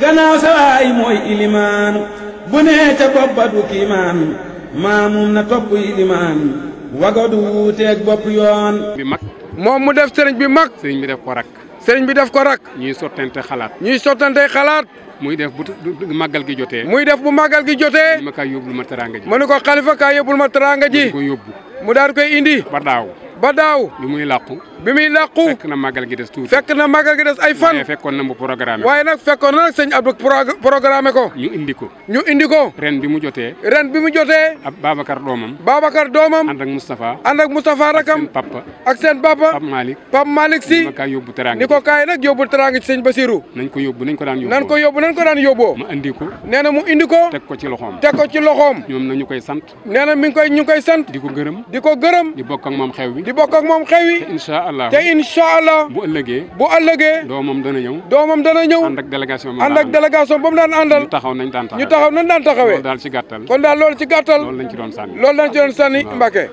gannaaw sawaay mooy ilimaan bu nee ca bopp ba du kiimaan maamum na topp ilimaan wagadu wuuteeg bopp yoon bi mag moom mu def sëriñ bi mag sëriñ bi def ko rakk sëriñ bi def ko rak ñuy sottante xalaat ñuy sottante xalaat muy def bu màggal gi jotee muy def bu màggal gi jotee ma kaay yóbbul ma teraanga ji mu ne ko xalifa kaay yóbbul ma teraanga ji ko yóbbu mu daal koy indi ba daaw ba daaw bi muy làqu bi muy làqu fekk na màggal gi des tuuti fekk na màggal gi des ay fan. waaye fekkoon na mu programme waaye nag fekkoon na nag sëñ Abdou programme ko. ñu indi ko. ñu indi ko. ren bi mu jotee. ren bi mu jotee. ab Babacar doomam. Babacar doomam. ànd ak Moustapha. ànd ak Moustapha rakam. ak seen papa. ak seen papa. Pape Malick. Pape Malick si. ni ko kaay yóbbu teraanga. ni ko kaay nag yóbbu teraanga ci sëñ Basirou. nañ ko yóbbu nañ ko daan yóbbu. nañ ko yóbbu nañ ko daan yóbbu. ma indi ko. mu indi ko. teg ko ci loxoom. teg ko ci loxoom. ñoom na ñu koy sant. neena na mi ngi koy ñu koy sant. di ko gërëm. di ko gërëm. di bokk ak moom xew wi. di bokk ak moom xew wi. allah te incha allah bu ëllëgee bu ëllëgee doomam dana ñëw doomam dana ñëw ànd ak délégation ànd ak délégation ba mu daan àndal ñu taxaw nañ daan taxawee ñu taxaw nañ daan taxawee loolu daal ci gàttal kon daal loolu ci gàttal loolu lañ ci doon sànni loolu lañ ci doon sànni Mbacke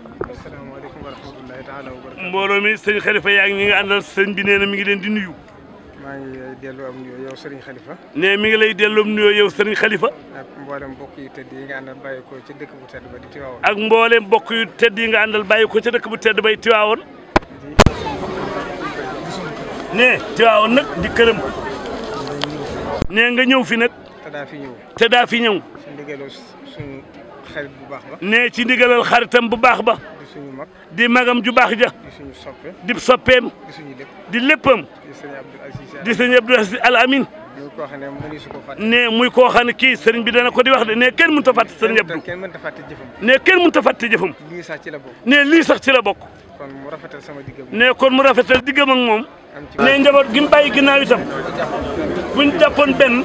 mbooloo mi sëñ Khalifa yaa ngi ñi nga àndal sëñ bi nee na mi ngi leen di nuyu maa ngi lay delloo am nuyoo yow Serigne Khalifa. ne mi ngi lay delloo am nuyoo yow Serigne Khalifa. ak mboolem mbokk yu tedd yi nga àndal bàyyi ko ca dëkk bu tedd ba di Tiwaawoon. ak mboolem mbokk yu tedd yi nga àndal bàyyi ko ca dëkk bu tedd bay Tiwaawoon. ne Tiwaawan nag di këram ne nga ñëw fi nag. te daa fi ñëw te daa fi ñëw. ci ndigalal suñu xarit bu baax ba. ne ci ndigalal xaritam bu baax ba. di suñu mag di magam ju baax ja. di suñu soppe di soppeem. di suñu lépp di léppam. di sëñ Abdou Aziz Al Amin. muy koo xam ne mënuñu su ko fàtte. ne kii sëriñ bi dana ko di wax de ne kenn mënut a fàtte sëriñ Abdou. kenn mënut a fàtte jëfam. ne kenn mënut a fàtte jëfam. lii sax ci la bokk. ne lii sax ci la bokk. kon sama diggam. ne kon mu rafetal diggam moom. ne njaboot gi mu bàyyi ginnaaw itam buñ jàppoon benn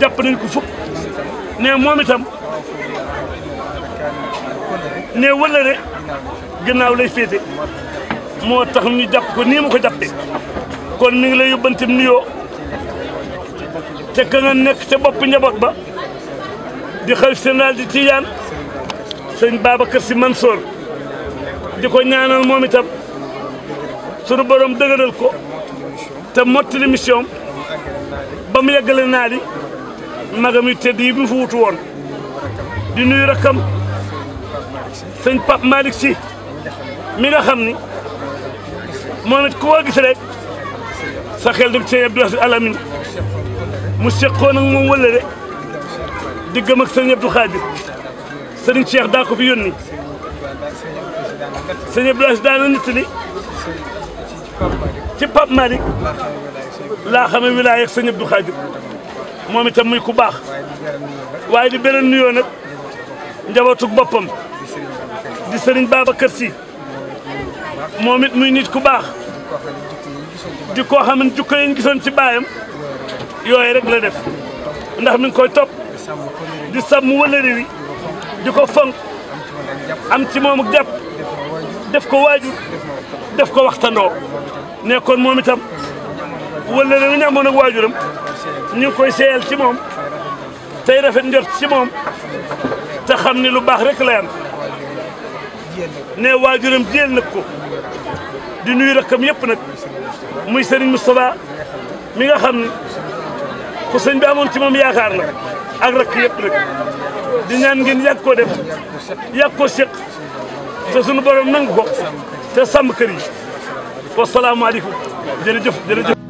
jàpp nañ ko fukk ne moom itam ne wëllëre ginnaaw lay féete moo tax ñu jàpp ko nii mu ko jàppee kon mu ngi lay yóbbantim nuyoo te ka nga nekk ca bopp njaboot ba di xalif général di Tijaan sëñ Babacar si Mansour di ko ñaanal moom sunu borom dëgëral ko te mottali mission ba mu yeggale naa li magam yu tedd yi bi mu fa wutu woon di nuyu rakkam sëñ Pape Malick Sy mi nga xam ni moom it ku ko gis rek sa xel dem sëñ Abdou Aziz Alamine mu seqoon ak moom wëllëre di gëm ak sëñ Abdou Khadir sëriñ Cheikh daa ko fi yónni sëñ Abdou Aziz daa na nit ni ci Pape Malick laa a wilaay ak sëñ Abdou Khadir moom itam muy ku baax waaye di beneen nuyoo nag njabootug boppam di sëriñ Babacar Sy moom it muy nit ku baax di koo xam ne jukko gisoon ci baayam yooyu rek la def ndax mi koy topp di sàmm wëlëri wi di ko fonk am ci moom ak def ko waajur def ko waxtandoo nekkoon moom itam wala la ñu amoon ak waajuram ñu ngi koy seeyal ci moom tey rafet njort ci moom te xam ni lu baax rek la am ne waajuram jiyal nag ko di nuyu rakkam yëpp nag muy Serigne Moustapha mi nga xam ni ku sëñ bi amoon ci moom yaakaar la ak rakk yëpp nag di ñaan ngeen yàgg koo def yàgg koo séq te sunu borom nangu ko te sàmm kër yi wasalaamaaleykum jërëjëf jërëjëf